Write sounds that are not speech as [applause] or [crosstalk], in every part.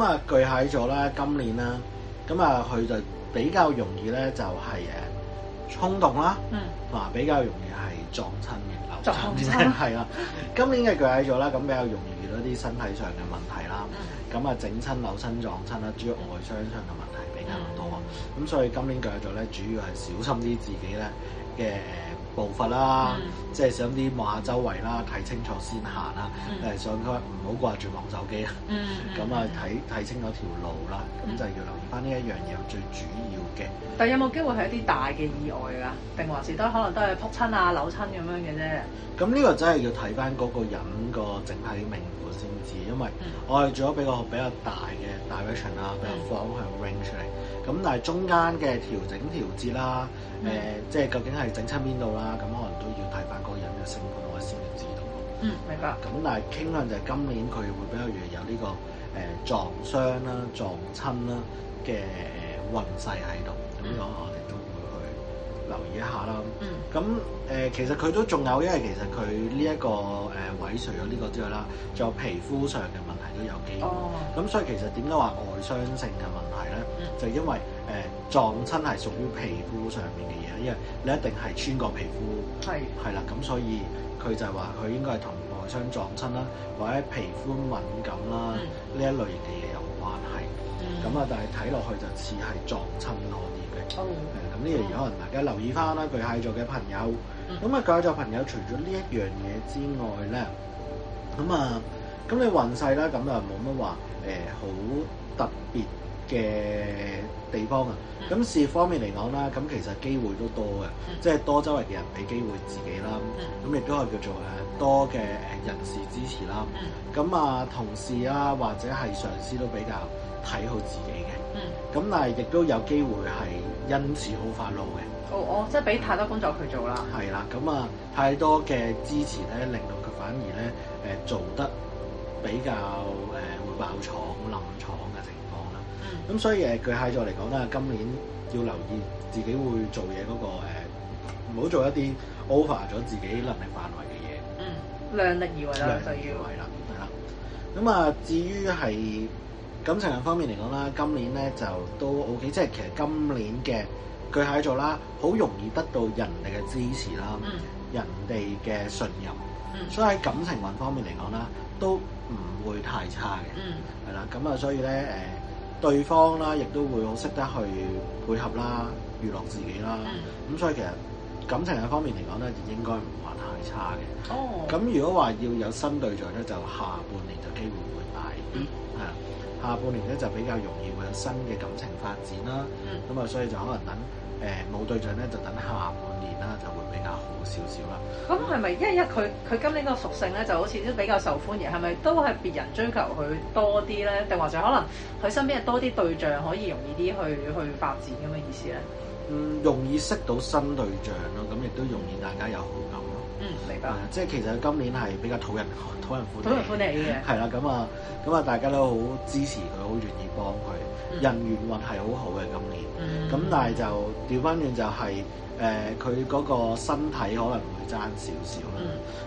咁啊巨蟹座咧今年啦，咁啊佢就比較容易咧就係誒衝動啦，同埋、嗯、比較容易係撞親嘅撞親，係啦。今年嘅巨蟹座咧，咁比較容易遇到啲身體上嘅問題啦。咁啊整親扭親撞親啦，主要外傷上嘅問題比較多。咁、嗯、所以今年巨蟹座咧，主要係小心啲自己咧。嘅步伐啦，嗯、即係想啲望下周圍啦，睇清楚先行啦，誒、嗯，想佢唔好掛住望手機啦。咁啊、嗯，睇睇清楚條路啦，咁、嗯、就係要留意翻呢一樣嘢，最主要嘅。但係有冇機會係一啲大嘅意外啊，定還是都可能都係撲親啊、扭親咁樣嘅啫？咁呢個真係要睇翻嗰個人個整體命盤先知，因為我係做咗比較比較大嘅 direction 啦，嗯、比較方向 range 嚟。咁、嗯、但係中間嘅調整調節啦，誒、呃嗯、即係究竟係。整親邊度啦？咁可能都要睇翻個人嘅性格或先至知道。嗯，明白。咁但係傾向就係今年佢會比較容易有呢、這個誒、呃、撞傷啦、撞親啦嘅誒運勢喺度。咁講、嗯、我哋都會去留意一下啦。嗯。咁誒、呃，其實佢都仲有，因為其實佢呢一個誒毀碎咗呢個之外啦，仲有皮膚上嘅問題都有幾。哦。咁所以其實點解話外傷性嘅問題咧？嗯、就因為。誒，撞親係屬於皮膚上面嘅嘢，因為你一定係穿過皮膚，係係啦，咁所以佢就係話佢應該係同外傷撞親啦，或者皮膚敏感啦呢、嗯、一類嘅嘢有關係。咁啊、嗯，但係睇落去就似係撞親多啲嘅。咁呢樣嘢可能大家留意翻啦，巨蟹座嘅朋友。咁啊、嗯，巨蟹座朋友除咗呢一樣嘢之外咧，咁啊，咁你運勢咧，咁啊冇乜話，誒、呃、好特別。嘅地方啊，咁、嗯、事業方面嚟講啦，咁、嗯、其實機會都多嘅，嗯、即係多周圍嘅人俾機會自己啦，咁亦、嗯、都係叫做咧多嘅誒人事支持啦，咁啊、嗯、同事啊或者係上司都比較睇好自己嘅，咁、嗯、但係亦都有機會係因此好發怒嘅。哦，哦，即係俾太多工作去做啦。係啦，咁啊太多嘅支持咧，令到佢反而咧誒做得比較。誒、呃。呃呃呃呃呃呃呃爆廠、冧廠嘅情況啦，咁、嗯、所以誒巨蟹座嚟講咧，今年要留意自己會做嘢嗰、那個唔好、呃、做一啲 over 咗自己能力範圍嘅嘢。嗯，量力而為啦，量力而為啦。係啦、嗯，咁啊，至於係感情運方面嚟講啦，今年咧就都 OK，即係其實今年嘅巨蟹座啦，好容易得到人哋嘅支持啦，嗯、人哋嘅信任。嗯、所以喺感情運方面嚟講啦。都唔會太差嘅，嗯，係啦，咁啊，所以咧誒，對方啦，亦都會好識得去配合啦，娛樂自己啦，咁、嗯、所以其實感情嘅方面嚟講咧，應該唔話太差嘅。哦。咁如果話要有新對象咧，就下半年就機會。係啦，嗯、下半年咧就比較容易會有新嘅感情發展啦。咁啊、嗯，所以就可能等誒冇、呃、對象咧，就等下半年啦，就會比較好少少啦。咁係咪一一佢佢今年個屬性咧，就好似都比較受歡迎？係咪都係別人追求佢多啲咧？定或者可能佢身邊有多啲對象，可以容易啲去去發展咁嘅意思咧？嗯，容易識到新對象咯，咁亦都容易大家有好感。嗯，明白。即係其實今年係比較討人討人歡，討人歡喜嘅。係啦，咁啊，咁啊，大家都好支持佢，好願意幫佢。人緣運係好好嘅今年。咁但係就調翻轉就係誒佢個身體可能會爭少少啦。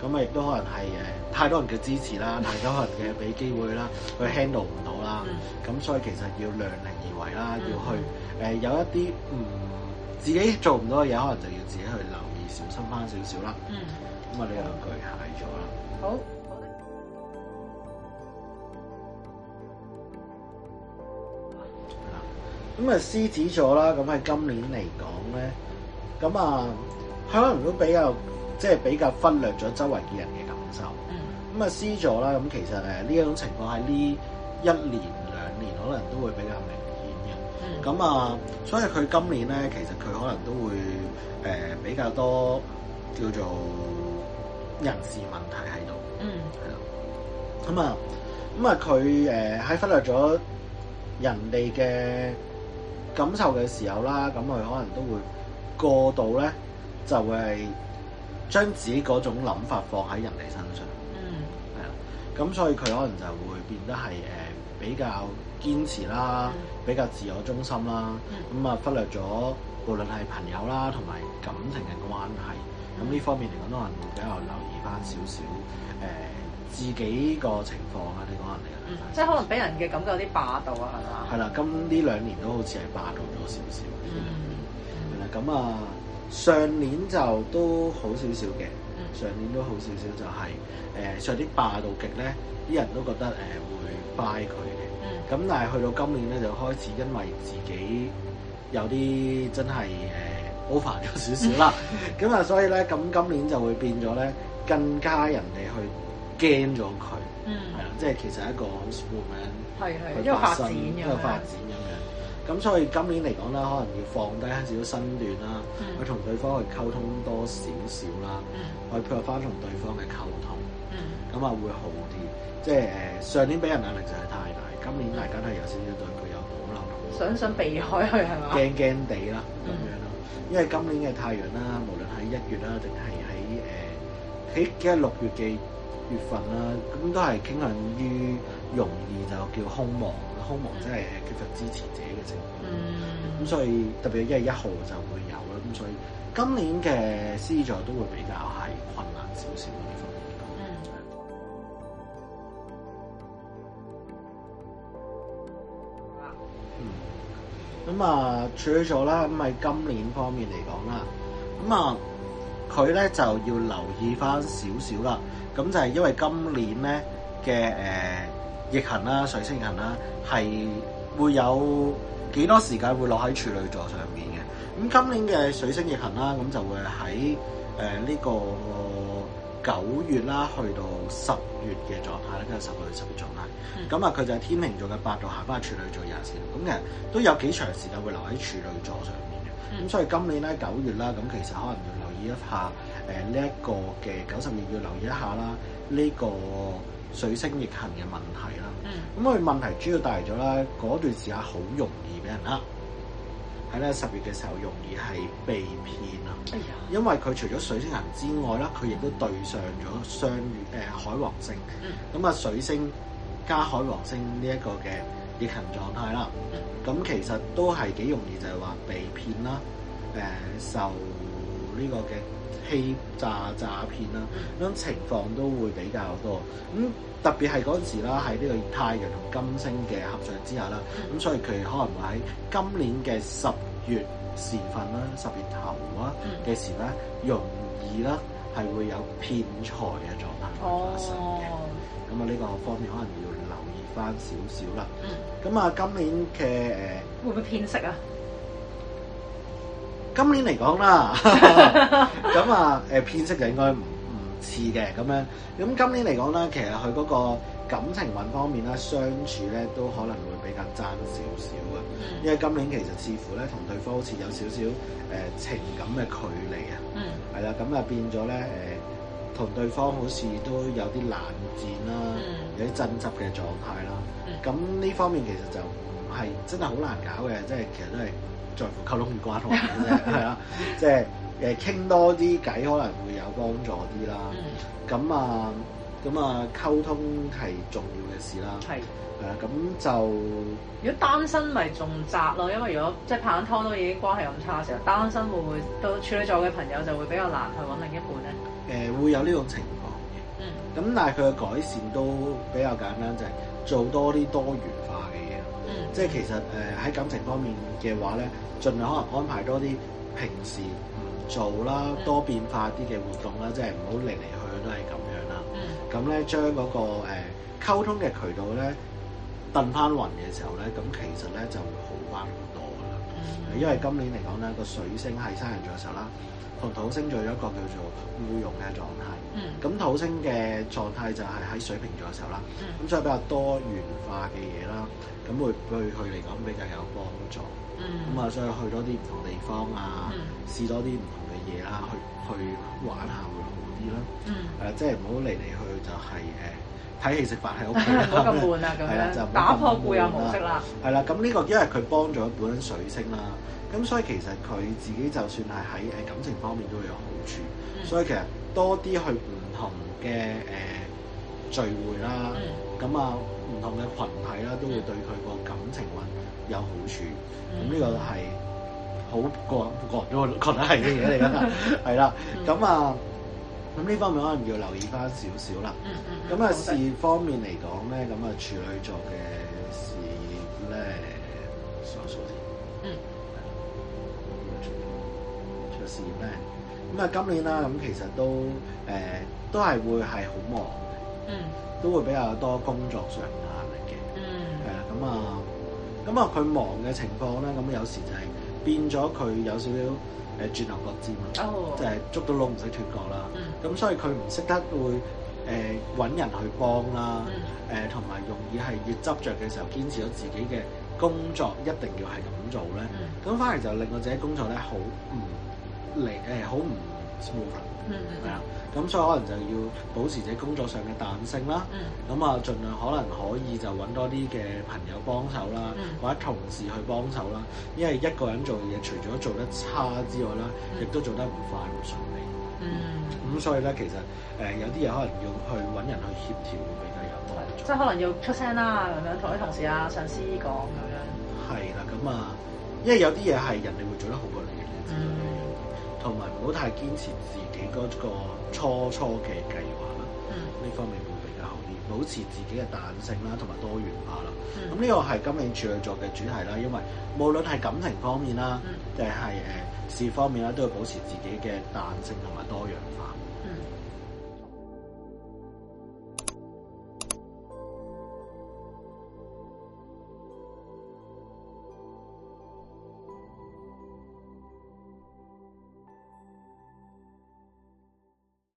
咁啊，亦都可能係誒太多人嘅支持啦，太多人嘅俾機會啦，佢 handle 唔到啦。咁所以其實要量力而為啦，要去誒有一啲唔自己做唔到嘅嘢，可能就要自己去諗。小心翻少少啦，嗯，咁啊呢兩句係咗啦。好，咁啊獅子座啦，咁喺今年嚟講咧，咁啊可能都比較，即係比較忽略咗周圍嘅人嘅感受。咁啊獅子座啦，咁其實誒呢一種情況喺呢一年兩年，可能都會比較明。咁啊、嗯，所以佢今年咧，其實佢可能都會誒、呃、比較多叫做人事問題喺度，嗯，係啦。咁啊，咁啊，佢誒喺忽略咗人哋嘅感受嘅時候啦，咁佢可能都會過度咧，就會係將自己嗰種諗法放喺人哋身上，嗯，係啦。咁所以佢可能就會變得係誒、呃、比較。堅持啦，比較自我中心啦，咁啊、嗯、忽略咗無論係朋友啦同埋感情嘅關係，咁呢、嗯、方面嚟講都可能會比較留意翻少少誒自己個情況啊！你講係咪即係可能俾人嘅感覺有啲霸道啊，係嘛？係啦，咁呢兩年都好似係霸道咗少少。嗯。係啦、嗯，咁啊上年就都好少少嘅，上年都好少少就係誒，上啲霸道極咧，啲人都覺得誒會 by 佢。咁但係去到今年咧，就開始因為自己有啲真係誒 over 咗少少啦。咁啊，所以咧咁今年就會變咗咧，更加人哋去驚咗佢，嗯，係啦，即係其實係一個好 sportsman 咁樣，去發生，一個發展咁樣，咁所以今年嚟講咧，可能要放低少少身段啦，去同對方去溝通多少少啦，去、嗯、配合翻同對方嘅溝通，咁啊會好啲。即係誒上年俾人壓力就係太大。今年大家都係有少少對佢有保留，想想避開佢係嘛？驚驚地啦，咁樣咯。嗯、因為今年嘅太陽啦，無論喺一月啦，定係喺誒喺幾六月嘅月份啦，咁都係傾向於容易就叫空亡。空亡即係缺乏支持者嘅情況。咁、嗯、所以特別一月一號就會有啦。咁所以今年嘅獅座都會比較係困難少少嘅地方。咁啊，處女座啦，咁喺今年方面嚟講啦，咁啊佢咧就要留意返少少啦。咁就係因為今年咧嘅誒逆行啦，水星逆行啦，係會有幾多時間會落喺處女座上面嘅。咁今年嘅水星逆行啦，咁就會喺誒呢個九月啦，去到十月嘅狀態咧，跟住十月、十月左右。咁啊，佢、嗯、就係天秤座嘅八度下翻去、就是、處女座廿四度，其實都有幾長時間會留喺處女座上面嘅。咁、嗯、所以今年咧九月啦，咁其實可能要留意一下，誒呢一個嘅九十月要留意一下啦，呢、這個水星逆行嘅問題啦。咁佢、嗯、問題主要帶嚟咗咧，嗰段時間好容易俾人呃，喺咧十月嘅時候容易係被騙啊，哎、呀因為佢除咗水星行之外咧，佢亦都對上咗雙月誒、呃、海王星。咁啊、嗯，嗯、水星。加海王星呢一個嘅逆行狀態啦，咁、嗯、其實都係幾容易就係話被騙啦，誒、嗯、受呢個嘅欺詐詐騙啦，咁、嗯、情況都會比較多。咁、嗯、特別係嗰陣時啦，喺呢、嗯、個太陽同金星嘅合作之下啦，咁、嗯、所以佢可能會喺今年嘅十月時份啦、十月頭啊嘅時呢，容易啦係會有騙財嘅狀態發生嘅。咁啊，呢個方面可能要留意翻少少啦。嗯。咁啊，今年嘅誒會唔會偏色啊？今年嚟講啦，咁啊誒偏色就應該唔唔似嘅咁樣。咁今年嚟講咧，其實佢嗰個感情運方面咧，相處咧都可能會比較差少少嘅。嗯、因為今年其實似乎咧，同對方好似有少少誒情感嘅距離啊。嗯。係啦，咁啊變咗咧誒。呃同對方好似都有啲冷戰啦，嗯、有啲爭執嘅狀態啦。咁呢、嗯、方面其實就唔係真係好難搞嘅，即係其實都係在乎溝通關係嘅 [laughs] 啊，即係誒傾多啲偈可能會有幫助啲啦。咁、嗯、啊，咁啊溝通係重要嘅事啦。係是，誒咁、啊、就如果單身咪仲窄咯，因為如果即係拍緊拖都已經關係咁差嘅時候，單身會唔會都處女座嘅朋友就會比較難去搵另一半咧？誒會有呢種情況嘅，咁、嗯、但係佢嘅改善都比較簡單，就係、是、做多啲多元化嘅嘢，嗯、即係其實誒喺感情方面嘅話咧，儘量可能安排多啲平時唔做啦，嗯、多變化啲嘅活動啦，嗯、即係唔好嚟嚟去去都係咁樣啦。咁咧將嗰個誒溝、呃、通嘅渠道咧，燉翻雲嘅時候咧，咁其實咧就會好翻好多。因為今年嚟講咧，個水星係雙子座嘅時候啦，同土星做咗一個叫做互容嘅狀態。咁、嗯、土星嘅狀態就係喺水瓶座嘅時候啦。咁、嗯、所以比較多元化嘅嘢啦，咁會對佢嚟講比較有幫助。咁啊、嗯，所以去多啲唔同地方啊，試、嗯、多啲唔同嘅嘢啦，去去玩下會好啲啦、啊。誒、嗯呃，即係唔好嚟嚟去去就係、是、誒。呃睇戲食飯喺屋企，冇咁悶啦、啊。咁樣就、啊、打破固有模式啦。係啦，咁呢個因為佢幫助咗本身水星啦，咁所以其實佢自己就算係喺誒感情方面都會有好處，嗯、所以其實多啲去唔同嘅誒、呃、聚會啦，咁、嗯、啊唔同嘅群體啦，都會對佢個感情運有好處。咁呢、嗯、個係好個人個人都覺得係呢啲嘢嚟㗎，係啦，咁 [laughs] 啊。嗯嗯咁呢方面可能要留意返少少啦。咁啊、嗯，嗯、事業方面嚟講咧，咁啊的，處女座嘅事業咧，數數先。嗯。出事業咧，咁啊，今年啦，咁其實都誒、呃，都係會係好忙嘅。嗯。都會比較多工作上壓力嘅。嗯。誒，咁啊，咁啊，佢忙嘅情況咧，咁有時就係變咗佢有少少。誒，轉頭角尖嘛，即係、uh, 捉到鹿唔使脫角啦。咁、嗯、所以佢唔識得會誒揾、呃、人去幫啦，誒同埋容易係越執着嘅時候堅持咗自己嘅工作一定要係咁做咧。咁反而就令我自己工作咧好唔嚟誒，好唔～、呃好 s m 係啊，咁、hmm. 嗯、所以可能就要保持自己工作上嘅彈性啦。咁啊、mm，儘、hmm. 量可能可以就揾多啲嘅朋友幫手啦，mm hmm. 或者同事去幫手啦。因為一個人做嘢，除咗做得差之外啦，mm hmm. 亦都做得唔快唔順利。咁、mm hmm. 嗯、所以咧，其實誒、呃、有啲嘢可能要去揾人去協調會比較有。即係、mm hmm. 可能要出聲啦，咁樣同啲同事啊、上司講、這、咁、個、樣。係啦，咁啊，因為有啲嘢係人哋會做得好過你。嘅、mm。Hmm. 同埋唔好太堅持自己嗰個初初嘅計劃啦，嗯、呢方面會比較好啲，保持自己嘅彈性啦，同埋多元化啦。咁呢個係今年處女座嘅主題啦，因為無論係感情方面啦，定係誒事方面啦，都要保持自己嘅彈性同埋多元化。